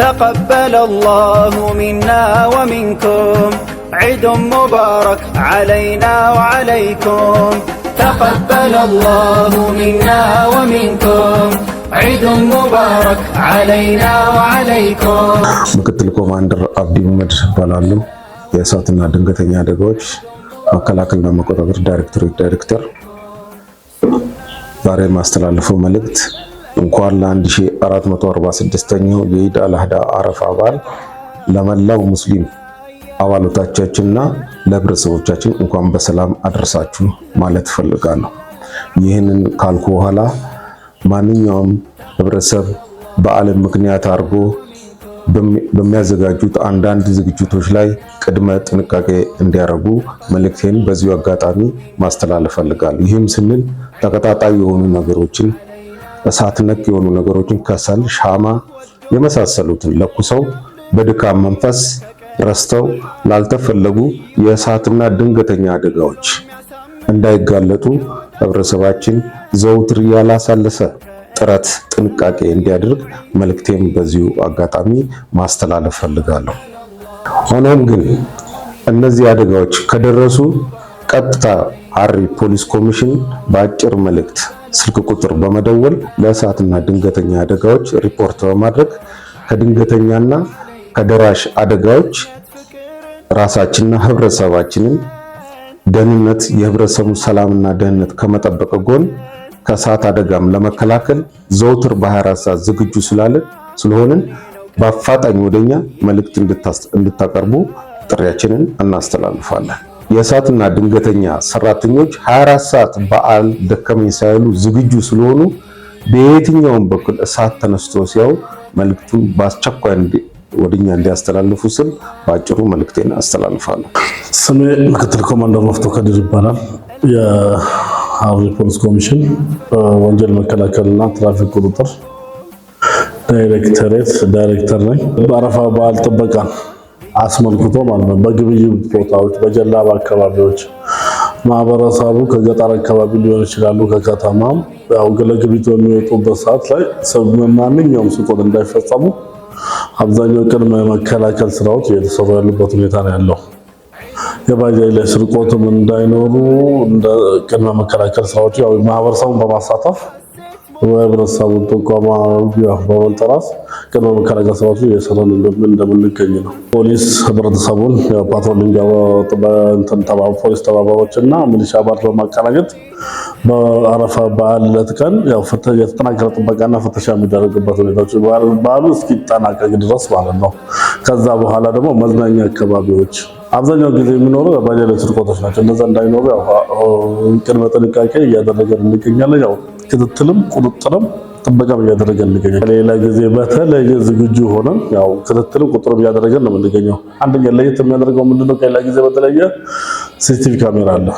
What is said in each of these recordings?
تقبل الله منا ومنكم عيد مبارك علينا وعليكم تقبل الله منا ومنكم ዒድ ሙባረክ ዓለይና ወዓለይኩም። ምክትል ኮማንደር አብዲ ሙመድ ይባላሉ። የእሳትና ድንገተኛ አደጋዎች መከላከልና መቆጣጠር ዳይሬክቶሬት ዳይሬክተር። ዛሬ የማስተላልፈው መልእክት እንኳን ለ1446ኛው የኢድ አልአድሃ አረፋ በዓል ለመላው ሙስሊም አባሎታቻችንና ለህብረተሰቦቻችን እንኳን በሰላም አድርሳችሁ ማለት እፈልጋለሁ። ይህንን ካልኩ በኋላ ማንኛውም ህብረተሰብ በዓልን ምክንያት አድርጎ በሚያዘጋጁት አንዳንድ ዝግጅቶች ላይ ቅድመ ጥንቃቄ እንዲያደርጉ መልእክቴን በዚሁ አጋጣሚ ማስተላለፍ እፈልጋለሁ። ይህም ስንል ተቀጣጣይ የሆኑ ነገሮችን እሳት ነክ የሆኑ ነገሮችን ከሰል፣ ሻማ የመሳሰሉትን ለኩሰው በድካም መንፈስ ረስተው ላልተፈለጉ የእሳትና ድንገተኛ አደጋዎች እንዳይጋለጡ ህብረተሰባችን ዘውትር ያላሳለሰ ጥረት ጥንቃቄ እንዲያደርግ መልእክቴም በዚሁ አጋጣሚ ማስተላለፍ ፈልጋለሁ። ሆኖም ግን እነዚህ አደጋዎች ከደረሱ ቀጥታ አሪ ፖሊስ ኮሚሽን በአጭር መልእክት ስልክ ቁጥር በመደወል ለእሳትና ድንገተኛ አደጋዎች ሪፖርት በማድረግ ከድንገተኛና ከደራሽ አደጋዎች ራሳችንና ህብረተሰባችንን ደህንነት የህብረተሰቡ ሰላምና ደህንነት ከመጠበቅ ጎን ከእሳት አደጋም ለመከላከል ዘውትር በ24 ሰዓት ዝግጁ ስላለ ስለሆንን በአፋጣኝ ወደኛ መልእክት እንድታቀርቡ ጥሪያችንን እናስተላልፋለን። የእሳትና ድንገተኛ ሰራተኞች 24 ሰዓት በዓል ደከመኝ ሳይሉ ዝግጁ ስለሆኑ በየትኛውም በኩል እሳት ተነስቶ ሲያው መልእክቱን በአስቸኳይ ወደኛ እንዲያስተላልፉ ስል በአጭሩ መልእክቴን አስተላልፋለሁ። ስሜ ምክትል ኮማንደር መፍቶ ከድር ይባላል። የሀረሪ ፖሊስ ኮሚሽን ወንጀል መከላከልና ትራፊክ ቁጥጥር ዳይሬክተሬት ዳይሬክተር ነኝ። በአረፋ በዓል ጥበቃ አስመልክቶ ማለት ነው። በግብይት ቦታዎች፣ በጀላባ አካባቢዎች ማህበረሰቡ ከገጠር አካባቢ ሊሆን ይችላሉ፣ ከከተማም ያው ለግብይት በሚወጡበት ሰዓት ላይ ማንኛውም ስርቆት እንዳይፈጸሙ አብዛኛው ቅድመ መከላከል ስራዎች እየተሰሩ ያሉበት ሁኔታ ነው ያለው። የባጃጅ ላይ ስርቆትም እንዳይኖሩ እንደ ቅድመ መከላከል ስራዎች ያው ማህበረሰቡን በማሳተፍ ህብረተሰቡን ጥቆማ በመንጠራስ ቅድመ መከላከያ ስራቱ የሰራን እንደምንገኝ ነው። ፖሊስ ህብረተሰቡን ፓትሮሊንግ ፖሊስ ተባባሪዎች እና ሚሊሻ አባል በማቀናጀት በአረፋ በዓል ዕለት ቀን የተጠናከረ ጥበቃና ፍተሻ የሚደረግበት ሁኔታዎች በዓሉ እስኪጠናቀቅ ድረስ ማለት ነው። ከዛ በኋላ ደግሞ መዝናኛ አካባቢዎች አብዛኛው ጊዜ የሚኖሩ በሌሎች ርቆቶች ናቸው። እንደዛ እንዳይኖሩ ቅድመ ጥንቃቄ እያደረገን እንገኛለን ያው ክትትልም ቁጥጥርም ጥበቃ እያደረገ እንገኛል። ሌላ ጊዜ በተለየ ዝግጁ ሆነን ያው ክትትልም ቁጥርም እያደረገን ነው የምንገኘው። አንደኛ ለየት የሚያደርገው ምንድነው? ከሌላ ጊዜ በተለየ ሲሲቲቪ ካሜራ አለ።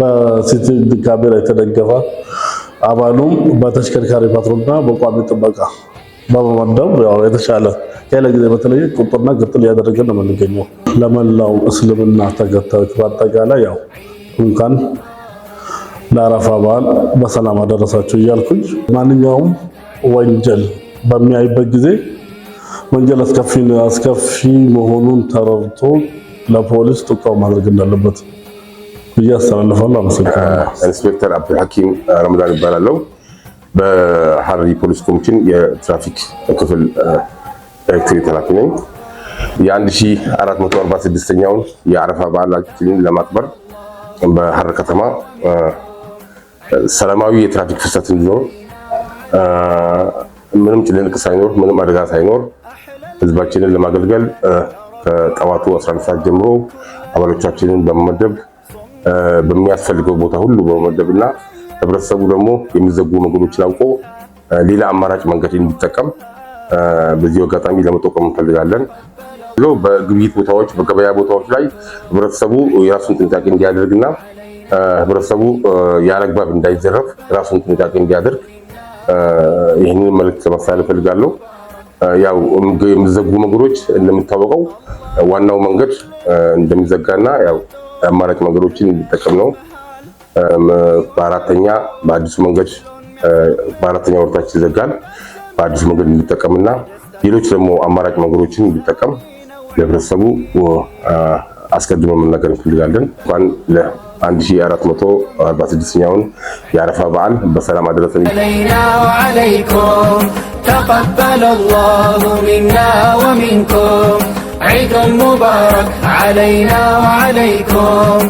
በሲሲቲቪ ካሜራ የተደገፈ አባሉም በተሽከርካሪ ፓትሮልና በቋሚ ጥበቃ በመመደብ ያው የተሻለ ከሌላ ጊዜ በተለየ ቁጥርና ክትትል እያደረገን ነው የምንገኘው። ለመላው እስልምና ተከታዮች በአጠቃላይ ያው እንኳን ለአረፋ በዓል በሰላም አደረሳችሁ እያልኩኝ ማንኛውም ወንጀል በሚያይበት ጊዜ ወንጀል አስከፊ መሆኑን ተረድቶ ለፖሊስ ጥቆማ ማድረግ እንዳለበት ብዬ አስተላልፋለሁ። አመሰግናለሁ። ኢንስፔክተር አብዱልሐኪም ረመዳን ይባላለው በሐረሪ ፖሊስ ኮሚሽን የትራፊክ ክፍል ዳይሬክተር ኃላፊ ነኝ። የ1446ኛውን የአረፋ በዓል ለማክበር በሐረር ከተማ ሰላማዊ የትራፊክ ፍሰት እንዲኖር ምንም ጭንቅ ሳይኖር ምንም አደጋ ሳይኖር ህዝባችንን ለማገልገል ከጠዋቱ 11 ሰዓት ጀምሮ አባሎቻችንን በመመደብ በሚያስፈልገው ቦታ ሁሉ በመመደብ እና ህብረተሰቡ ደግሞ የሚዘጉ መንገዶችን አውቆ ሌላ አማራጭ መንገድ እንዲጠቀም በዚህ አጋጣሚ ለመጠቆም እንፈልጋለን። በግብይት ቦታዎች፣ በገበያ ቦታዎች ላይ ህብረተሰቡ የራሱን ጥንቃቄ እንዲያደርግና ህብረተሰቡ ያለአግባብ እንዳይዘረፍ ራሱን ጥንቃቄ እንዲያደርግ ይህንን መልዕክት ማስተላለፍ እፈልጋለሁ። ያው የሚዘጉ መንገዶች እንደሚታወቀው ዋናው መንገድ እንደሚዘጋና ያው አማራጭ መንገዶችን እንዲጠቀም ነው። በአራተኛ በአዲሱ መንገድ በአራተኛ ወርታችን ይዘጋል። በአዲሱ መንገድ እንዲጠቀምና ሌሎች ደግሞ አማራጭ መንገዶችን እንዲጠቀም ለህብረተሰቡ አስቀድሞ መናገር እንፈልጋለን። እንኳን 1446ኛውን የአረፋ በዓል በሰላም አደረሰን። አለይና ወዐለይኩም ተቀበለ አላሁ ሚና ወሚንኩም ዒዱን ሙባረክ አለይና ወዐለይኩም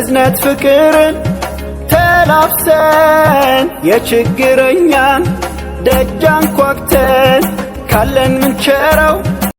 እዝነት ፍቅርን ተላብሰን የችግረኛን ደጃን ኳክተን ካለን ምንቸረው